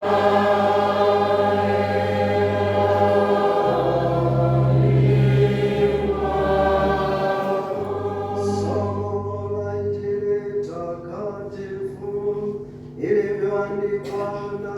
성원한 지를 착한 질품 일변이 관한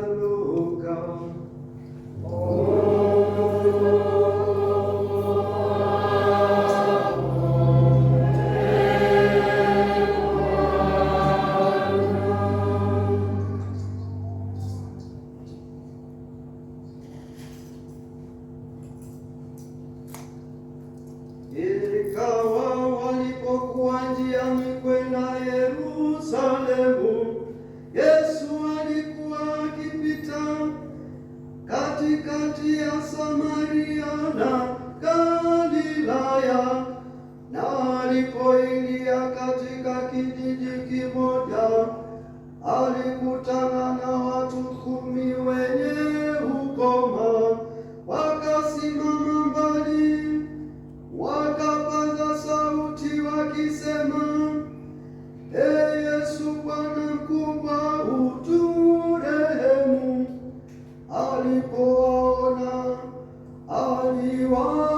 Ikawa walipokuwa njiani kwenda Yerusalemu, Yesu alikuwa akipita katikati ya Samaria na Galilaya. Na alipoingia katika kijiji kimoja alikutana you are.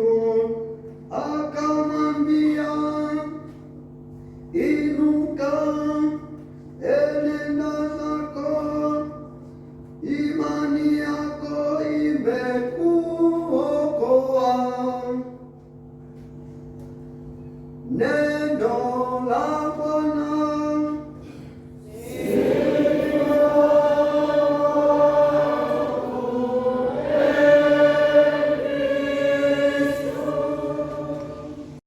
No.